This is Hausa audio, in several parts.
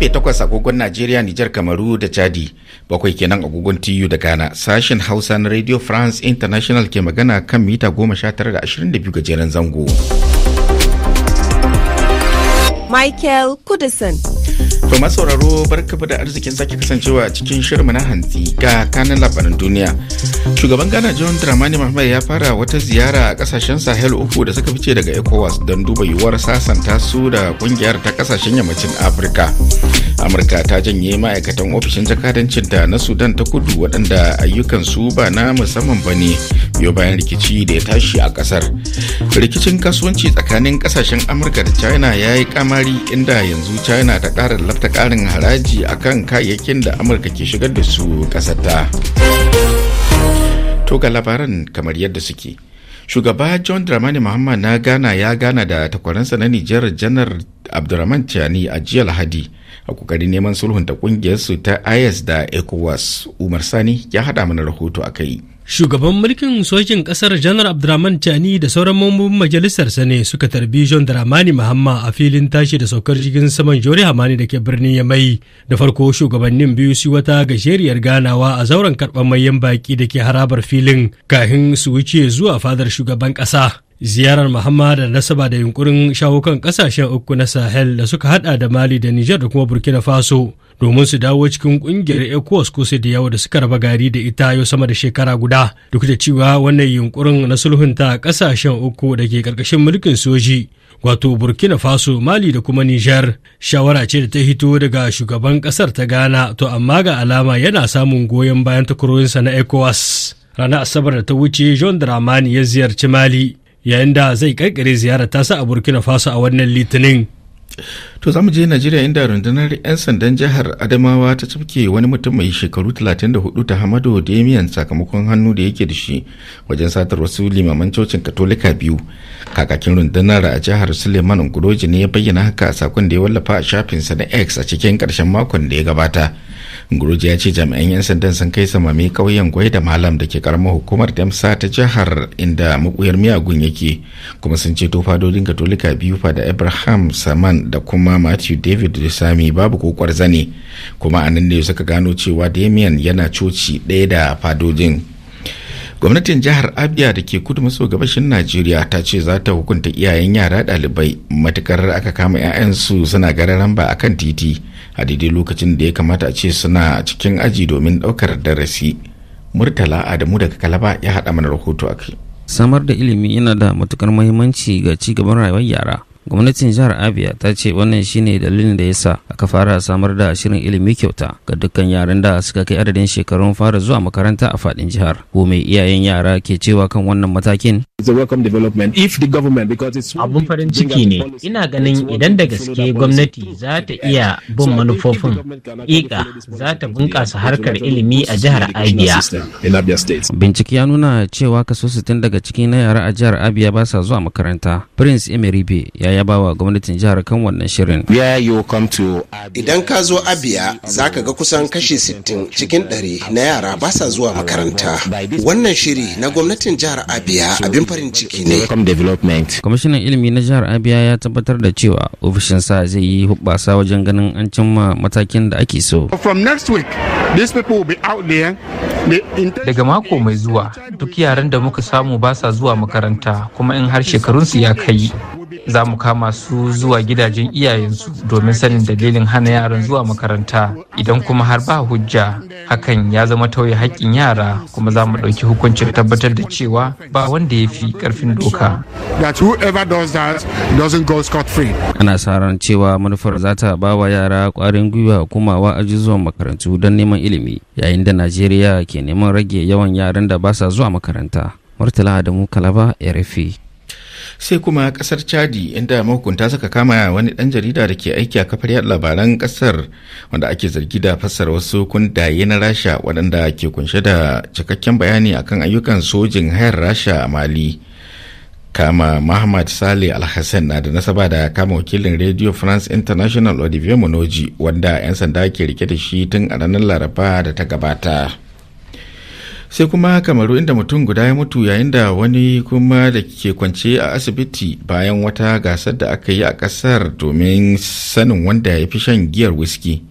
karfe 8 agogon Najeriya, Nijar, Kamaru da Chadi, bakwai kenan agogon TU da Ghana. Sashen Hausa na Radio France International ke magana kan mita ga gajeren zango. Michael Kudison. To sauraro barkafa da arzikin sake kasancewa cikin shirinmu na hantsi ga kanan labaran duniya. Shugaban Ghana John Dramani Mahmad ya fara wata ziyara a kasashen Sahel uku da suka fice daga ECOWAS don duba yiwuwar sasanta su da kungiyar ta kasashen yammacin Afirka. Amurka ta janye ma'aikatan ofishin jakadancin da na Sudan ta kudu waɗanda ayyukan su ba na musamman ba ne biyo bayan rikici da ya tashi a ƙasar. Rikicin kasuwanci tsakanin kasashen Amurka da China ya yi kamari inda yanzu China ta ƙara lafta ƙarin haraji a kan kayayyakin da amurka ke shigar da su kasata. to ga labaran kamar yadda suke shugaba john dramani muhammad na gana ya gana da takwaransa na nijar janar abdurrahman tiani a jiya lahadi a kokarin neman sulhunta kungiyarsu ta is da ecowas umar sani ya hada mana rahoto a kai shugaban mulkin sojin ƙasar janar abdurrahman tani da sauran mambobin majalisarsa ne suka tarbi john dramani mahamma a filin tashi da saukar jirgin saman jori hamani da ke birnin yamai da farko shugabannin biyu su wata gajeriyar ganawa a zauren karɓar mayan baƙi da ke harabar filin kafin su wuce zuwa fadar shugaban ƙasa ziyarar muhammad da nasaba da yunkurin shawo kan kasashen uku na sahel da suka hada da mali da niger da kuma burkina faso domin su dawo cikin kungiyar ecowas kusa da yawa da suka raba gari da ita yau sama da shekara guda duk da cewa wannan yunkurin na sulhunta kasashen uku da ke karkashin mulkin soji wato burkina faso mali da kuma niger shawara ce da ta hito daga shugaban kasar ta ghana to amma ga alama yana samun goyon bayan takwarorinsa na ecowas ranar asabar da ta wuce john dramani ya ziyarci mali yayin da zai kaikare ta sa a burkina faso a wannan litinin to za mu je najeriya inda rundunar 'yan sandan jihar adamawa ta cafke wani mutum mai shekaru 34 ta hamado damian sakamakon hannu da yake da shi wajen satar wasu limaman cocin katolika biyu kakakin rundunar a jihar suleiman unguroji ne ya bayyana haka a sakon da ya wallafa a shafinsa na x a cikin karshen makon da ya gabata guruji ya ce jami'an 'yan sandan sun kai samami kauyen gwai da malam da ke karamar hukumar damsa ta jihar inda makuyar miyagun yake kuma sun ceto fadodin katolika biyu fada abraham saman da kuma matthew david da sami babu kokwar zane kuma a nan ne suka gano cewa damien yana coci ɗaya da fadojin. gwamnatin jihar abia da ke kudu maso gabashin najeriya ta ce za ta hukunta iyayen yara ɗalibai matukar aka kama 'ya'yansu suna gararan a kan titi a daidai lokacin da ya kamata a ce suna cikin aji domin ɗaukar darasi murtala adamu daga kalaba ya haɗa mana rahoto a kai samar da ilimi yana da matukar muhimmanci ga ci gaban rayuwar yara gwamnatin jihar abia ta ce wannan shine dalilin da yasa aka fara samar da shirin ilimi kyauta ga dukkan yaran da suka kai adadin shekarun fara zuwa makaranta a fadin jihar ko mai iyayen yara ke cewa kan wannan matakin abun farin ciki ne ina ganin idan da gaske gwamnati za ta iya bin manufofin ƙiƙa za ta bunƙasa harkar ilimi a jihar abia bincike ya nuna cewa kaso 60 daga cikin na yara a jihar abia ba sa zuwa makaranta prince emeribe ya ya bawa wa gwamnatin jihar kan wannan shirin. Idan ka zo Abia za ka ga kusan kashi sittin cikin 100 na yara ba sa zuwa makaranta. Wannan shiri na gwamnatin jihar Abia abin farin ciki ne. Kwamishinan ilimi na jihar Abia ya tabbatar da cewa ofishinsa zai yi hubbasa wajen ganin an cimma matakin da ake so. From next week, Daga mako mai zuwa duk yaran da muka samu ba sa zuwa makaranta kuma in har shekarunsu ya kai za mu kama su zuwa gidajen iyayensu domin sanin dalilin hana yaran zuwa makaranta idan kuma har ba hujja hakan ya zama tauye haƙƙin yara kuma za mu ɗauki hukuncin tabbatar da cewa ba wanda ya fi ƙarfin doka. Ana sa ran cewa manufar za ta ba wa yara ƙwarin gwiwa wa aji zuwa makarantu don neman ilimi yayin da najeriya ke neman rage yawan yaran da ba sa zuwa makaranta murtala adamu kalaba rfi sai kuma kasar chadi inda mahukunta suka kama wani dan jarida da ke aiki a kafar yadda labaran kasar wanda ake zargi da fassar wasu kundaye na rasha waɗanda ke kunshe da cikakken bayani akan ayyukan sojin hayar rasha a mali kama Muhammad Sale Alhassan na da nasaba da kama wakilin Radio France International Olivier Monoji wanda 'yan sanda ke rike da shi tun a ranar Laraba da ta gabata. Sai kuma kamaru inda mutum guda ya mutu yayin da wani kuma da ke kwance a asibiti bayan wata gasar da aka yi a kasar domin sanin wanda ya fi shan giyar whisky.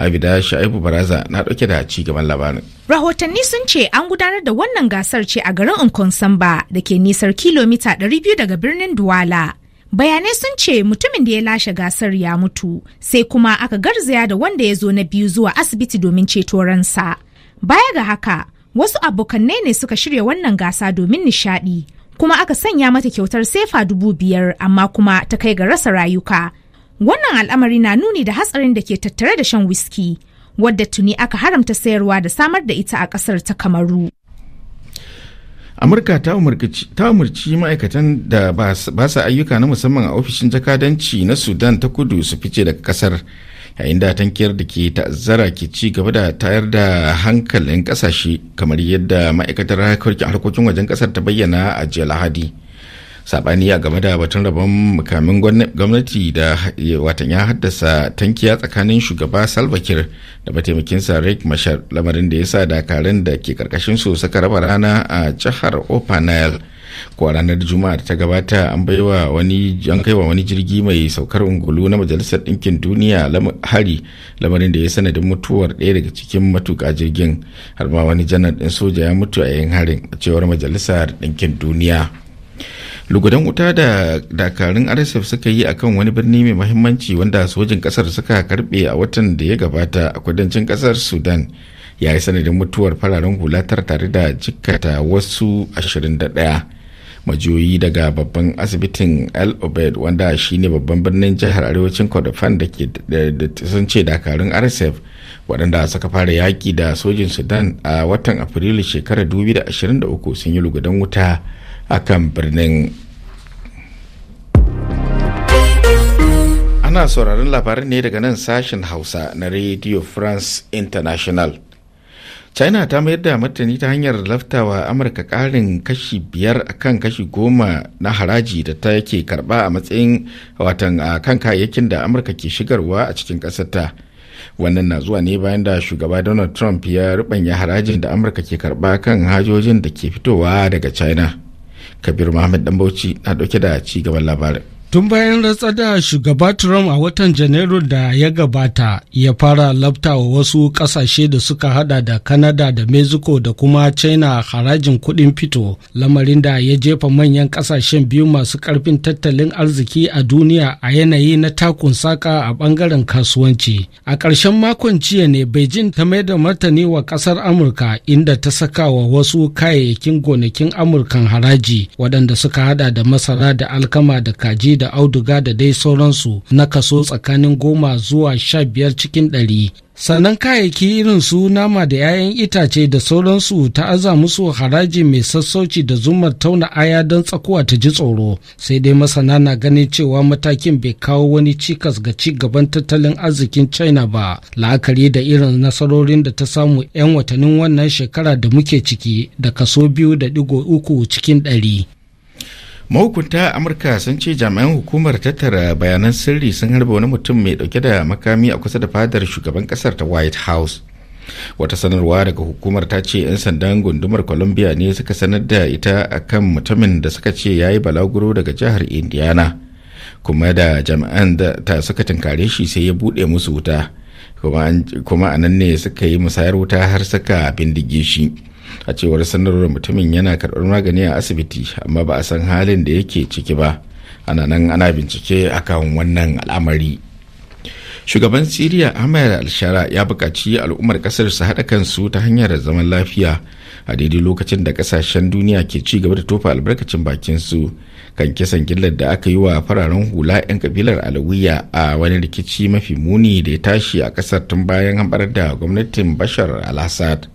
abida sha'ibu baraza na dauke da ci gaban labarin rahotanni sun ce an gudanar da wannan gasar ce a garin nkonsamba da ke nisar kilomita 200 daga birnin duwala bayanai sun ce mutumin da ya lashe gasar ya mutu sai kuma aka garzaya da wanda ya zo na biyu zuwa asibiti domin ceto ransa baya ga haka wasu abokanai ne suka shirya wannan gasa domin nishadi kuma aka sanya mata kyautar sefa dubu biyar amma kuma ta kai ga rasa rayuka Wannan al'amari na nuni da hatsarin da ke tattare da shan wiski, wadda tuni aka haramta sayarwa da samar da ita a kasar ta Kamaru. amurka ta umarci ma'aikatan da ba sa ayyuka na musamman a ofishin jakadanci na sudan ta kudu su fice daga kasar yayin da tankiyar da ke ta'azzara ke ci gaba da tayar da hankalin kasashe kamar yadda ma'aikatar harkokin wajen kasar ta bayyana a jiya lahadi sabani a game da batun rabon mukamin gwamnati da watan ya haddasa tankiya tsakanin shugaba salva kiir da mataimakinsa rick mashar lamarin da ya sa dakarun da ke karkashin su suka raba rana a jihar opanel ko ranar juma'a da ta gabata an baiwa wani an kaiwa wani jirgi mai saukar ungulu na majalisar ɗinkin duniya hari lamarin da ya sanadin mutuwar ɗaya daga cikin matuka jirgin har ma wani janar ɗin soja ya mutu a yayin harin a cewar majalisar ɗinkin duniya lugudan wuta da dakarun rsf suka yi akan wani birni mai mahimmanci wanda sojin kasar suka karbe a watan da ya gabata a kudancin kasar sudan ya yi sanadin mutuwar fararen hula tare da jikkata wasu 21 majiyoyi daga babban asibitin al obed wanda shine babban birnin jihar arewacin kordofan da ke sun ce dakarun rsf waɗanda suka fara yaƙi da sojin sudan a watan afrilu shekarar 2023 sun yi lugudan wuta akan birnin ana sauraron labarin ne daga nan sashen hausa na radio france international china ta mayar da martani ta hanyar laftawa amurka karin kashi biyar akan kashi goma na haraji da ta yake karba a matsayin watan a kan kayayyakin da amurka ke shigarwa a cikin ƙasarta wannan na zuwa ne bayan da shugaba donald trump ya rubanya harajin da amurka ke karba kan hajojin da ke fitowa daga china kabiru muhammad dan bauchi na dauke da ci gaban labarin Tun bayan ratsar da shugaba Trump a watan Janairu da ya gabata ya fara lafta wa wasu ƙasashe da suka hada da Kanada da Mexico da kuma China harajin kuɗin fito, lamarin da ya jefa manyan ƙasashen biyu masu ƙarfin tattalin arziki a duniya a yanayi na takun saka a ɓangaren kasuwanci. A ƙarshen makon jiya ne Beijing ta mai da martani wa ƙasar Amurka inda ta saka wa wasu kayayyakin gonakin Amurkan haraji waɗanda suka hada da masara da alkama da kaji da auduga da dai sauransu na kaso tsakanin goma zuwa sha biyar cikin ɗari sannan kayayyaki irin su nama da 'ya'yan itace da sauransu ta aza musu haraji mai sassauci da zumar tauna aya don tsakuwa ta ji tsoro sai dai masana na ganin cewa matakin bai kawo wani cikas ga ci gaban tattalin arzikin china ba la'akari da irin nasarorin da ta samu 'yan watannin wannan shekara da muke ciki da kaso biyu da digo uku cikin ɗari mahukunta amurka sun ce jami'an hukumar tattara bayanan sirri sun harba wani mutum mai dauke da makami a kusa da fadar shugaban kasar ta white house wata sanarwa daga hukumar ta ce 'yan sandan gundumar columbia ne suka sanar da ita akan mutumin da suka ce ya yi balaguro daga jihar indiana kuma da jami'an da ta suka tinkare shi sai ya bude musu wuta kuma a nan ne suka yi musayar wuta har suka bindige shi a cewar sanarwar mutumin yana karɓar magani a asibiti amma ba a san halin da yake ciki ba ana nan ana bincike akan wannan al'amari shugaban siriya amir al-shara ya buƙaci al'ummar ƙasar su haɗa kansu ta hanyar zaman lafiya a daidai lokacin da ƙasashen duniya ke ci gaba da tofa albarkacin bakin su kan kisan gillar da aka yi wa fararen hula 'yan kabilar alawiya a wani rikici mafi muni da ya tashi a ƙasar tun bayan hambar da gwamnatin bashar al-assad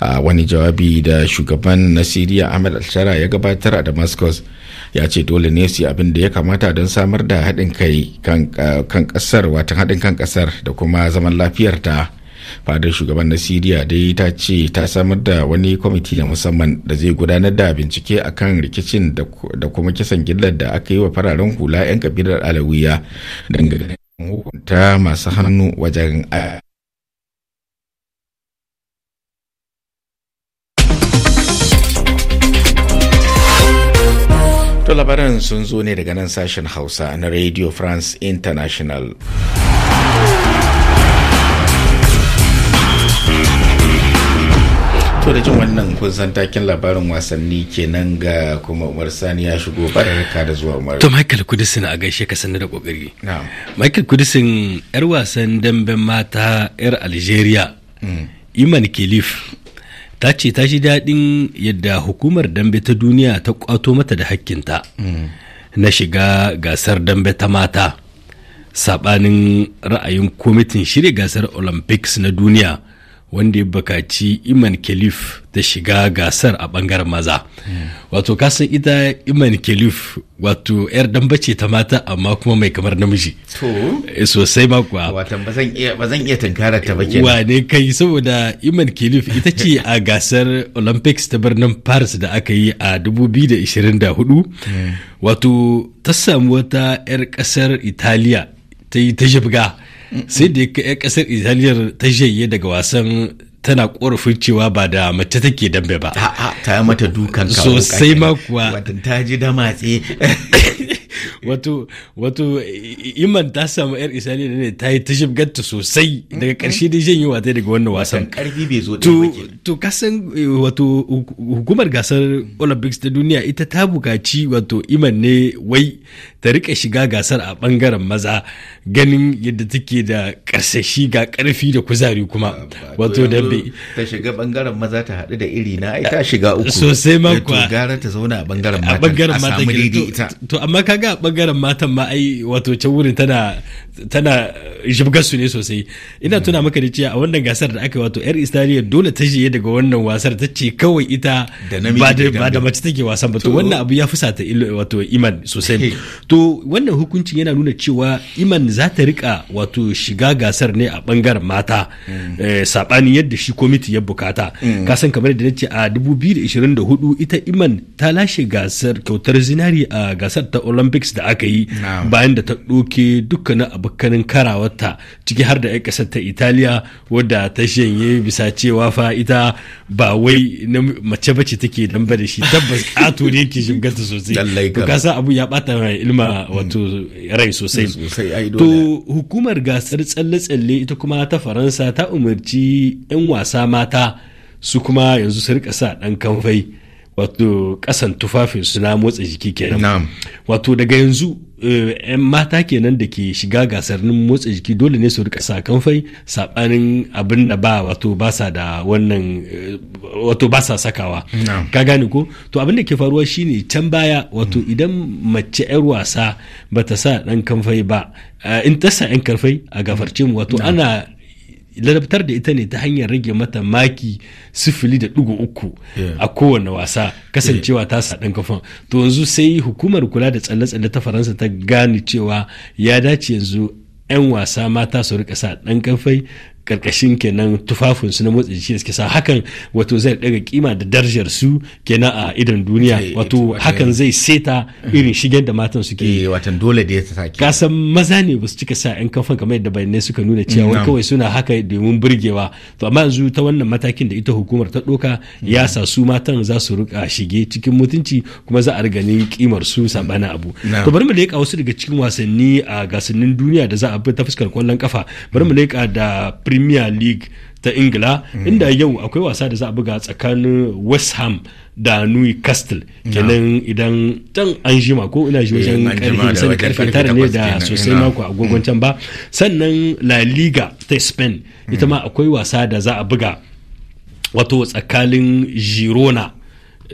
a wani jawabi da shugaban na siriya ahmed alshara ya gabatar a damascus ya ce dole ne su abin da ya kamata don samar da haɗin kai kan eh, ƙasar watan haɗin kan ƙasar da kuma zaman lafiyarta fadar shugaban na siriya dai ta ce ta samar da wani kwamiti na musamman da zai gudanar da bincike akan rikicin da kuma kisan gillar da aka yi wa fararen hula 'yan kabilar alawiya dangane hukunta masu hannu wajen eh, To labaran sun zo ne daga nan sashen Hausa na Radio France International. To da jin wannan kun san takin labarin wasanni kenan ga kuma Umar Sani ya shigo barka da zuwa Umar. To Michael Kudisin a gaishe ka sanar da kokari. Michael Kudisin yar wasan damben mata yar Algeria. Mm. Iman Kelif ta ce ta ji daɗin yadda hukumar dambe ta duniya ta ƙwato mata da hakkinta mm. na shiga gasar dambe ta mata saɓanin ra'ayin kwamitin shirya gasar olympics na duniya wanda ya bukaci iman kelif ta shiga gasar a bangaren maza wato kasan ita iman kelif wato yar dambace ta mata amma kuma mai kamar namiji eh, sosai ma kuwa ba zan iya tunkarar ta wa wane kai saboda iman kelif ita ce a gasar olympics ta birnin paris da aka yi a 2024 eh. wato ta samu wata yar kasar italiya ta yi ta jibga sai da ya eh, kasar italiyar ta jayye daga wasan tana korafin cewa ba da mace take dambe ba ta yi mata dukan kawo sosai ma kuwa watan ta ji da matse wato wato iman ta samu yar isali ne ta yi ta shibgarta sosai daga karshe shan yi wata daga wannan wasan karfi bai zo to to kasan eh, wato hukumar gasar olympics ta duniya ita ta bukaci wato iman ne wai ta rika shiga gasar a bangaren maza ganin yadda take da karsashi ga karfi da kuzari kuma wato dambe ta shiga bangaren maza ta haɗu da iri na ita shiga uku sosai ma kuwa gara ta zauna a bangaren mata a bangaren mata ita to amma kaga a bangaren matan ma ai wato can wurin tana tana jibgar su ne sosai ina tuna maka da cewa a wannan gasar da aka wato yar istariya dole ta je daga wannan wasar ta ce kawai ita ba da mace take wasan ba to wannan abu ya fusata wato iman sosai to wannan hukuncin yana nuna cewa iman za ta rika wato shiga gasar ne a bangaren mata mm. eh, saɓanin yadda shi kwamiti ya bukata mm. kasan kamar da nace a 2024 ita iman ta lashe gasar kyautar zinari a gasar ta olympics da aka yi bayan da ta ɗoke dukkanin abokanin karawarta ciki har da 'yan ƙasar ta italiya wadda ta shanye bisa cewa fa ita ba wai na mace bace take lamba da shi tabbas ato ne ke ta sosai to abu ya bata mai ma mm. wato rai sosai to hukumar gasar tsalle-tsalle ita kuma ta faransa ta umarci 'yan wasa mata su kuma yanzu su rika sa ɗan kamfai wato kasan tufafin su na motsa jiki kenan wato daga yanzu yan eh, mata kenan da ke shiga gasarnin motsa jiki dole ne su rika sa kamfai sabanin abin da ba wato ba sa da wannan eh, wato ba sa sakawa ka gane ko to abin da ke faruwa shine can baya wato idan mace yar wasa bata sa dan kamfai ba eh, in ta sa yan karfai a gafarce mu wato ana ladabtar da ita ne ta hanyar rage mata maki sifili da ɗigo uku a kowane wasa kasancewa ta sa ɗan kafan to yanzu sai hukumar kula da tsalle-tsalle ta faransa ta gane cewa ya dace yanzu 'yan wasa mata su rika sa ɗan kafai karkashin kenan tufafin su na motsa jiki da suke sa hakan wato zai daga kima da darajar su kenan a idan duniya eh, wato hakan zai seta irin shigen da matan suke yi eh, watan dole da ya saki kasan maza ne ba su cika sa yan kafan kamar yadda bayanai suka nuna cewa wai kawai suna haka domin burgewa to amma yanzu ta wannan matakin da ita hukumar ta doka ya sa su matan za su rika shige cikin mutunci kuma za a riga ganin kimar su sabana abu to bari mu leka wasu daga cikin wasanni a gasannin duniya da za a bi ta fuskar kwallon kafa bari mu leka da premier league ta ingila mm. inda yau akwai wasa da za a buga tsakanin west ham da newcastle kenan idan can an jima ko ina shi eh, wajen karfe karfe tara ne da sosai mako gogon can ba sannan la liga ta spain ita mm. ma akwai wasa da za a buga wato tsakanin girona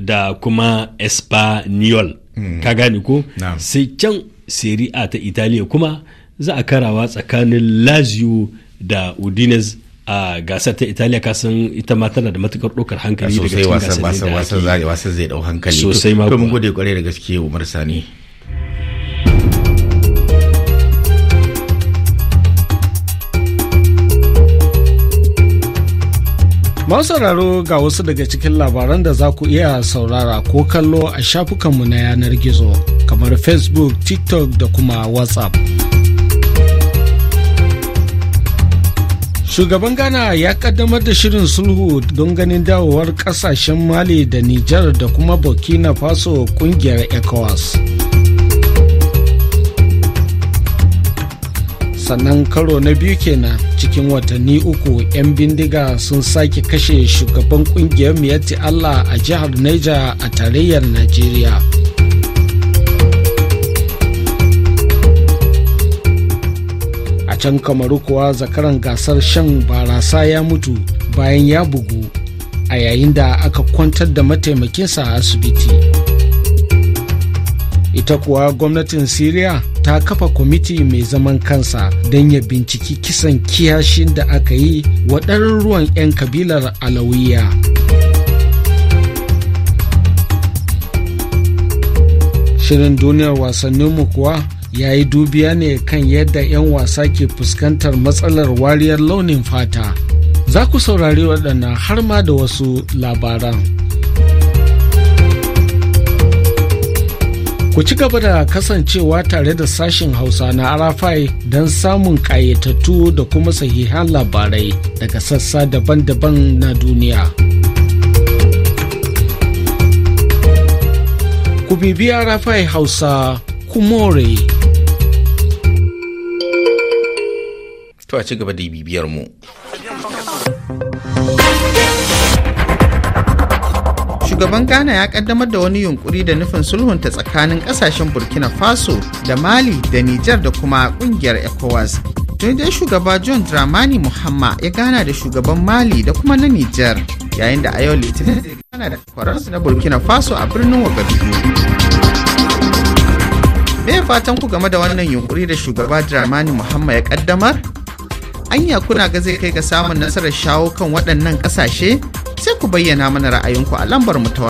da kuma espanyol mm. ka gane ko sai can serie a ta italiya kuma za a karawa tsakanin lazio da udinez a gasar ta italiya kasan ita ma tana da matukar ɗaukar hankali daga cikin gasar da wasan sosai wasan zai dau hankali sosai ma mun gode kwarai da gaske Umar Sani Masu sauraro ga wasu daga cikin labaran da za ku iya saurara ko kallo a shafukanmu na yanar gizo kamar Facebook, TikTok da kuma WhatsApp. shugaban ghana ya kaddamar da shirin sulhu don ganin dawowar kasashen mali da nijar da kuma burkina faso kungiyar ecowas sannan karo na biyu kenan cikin watanni uku 'yan bindiga sun sake kashe shugaban kungiyar miyatti allah a jihar niger a tarayyar najeriya can kamaru kuwa zakaran gasar shan barasa ya mutu bayan ya bugu a yayin da aka kwantar da mataimakinsa a asibiti ita kuwa gwamnatin syria ta kafa kwamiti mai zaman kansa don ya binciki kisan kiyashin da aka yi wa ruwan 'yan kabilar alawiya shirin duniyar wasanninmu kuwa ya yi dubiya ne kan yadda 'yan wasa ke fuskantar matsalar wariyar launin fata za ku saurari waɗannan har ma da wasu labaran ku ci gaba da kasancewa tare da sashen hausa na arafai don samun ƙayyatattu da kuma sahihan labarai daga sassa daban-daban na duniya. ku bibiya arafai hausa kumore to a ci gaba da bibiyar mu. shugaban ghana ya kaddamar da wani yunkuri da nufin sulhunta tsakanin kasashen burkina faso da mali da nijar da kuma kungiyar ecowas tuni dai shugaba john dramani muhamma ya gana da shugaban mali da kuma na nijar yayin da a yau litinin gana da kwararsu na burkina faso a birnin wagadugu me fatan ku game da wannan yunkuri da shugaba dramani muhamma ya kaddamar anya kuna ga zai kai ga samun nasarar shawo kan waɗannan ƙasashe sai ku bayyana mana ra'ayinku a lambar mu ta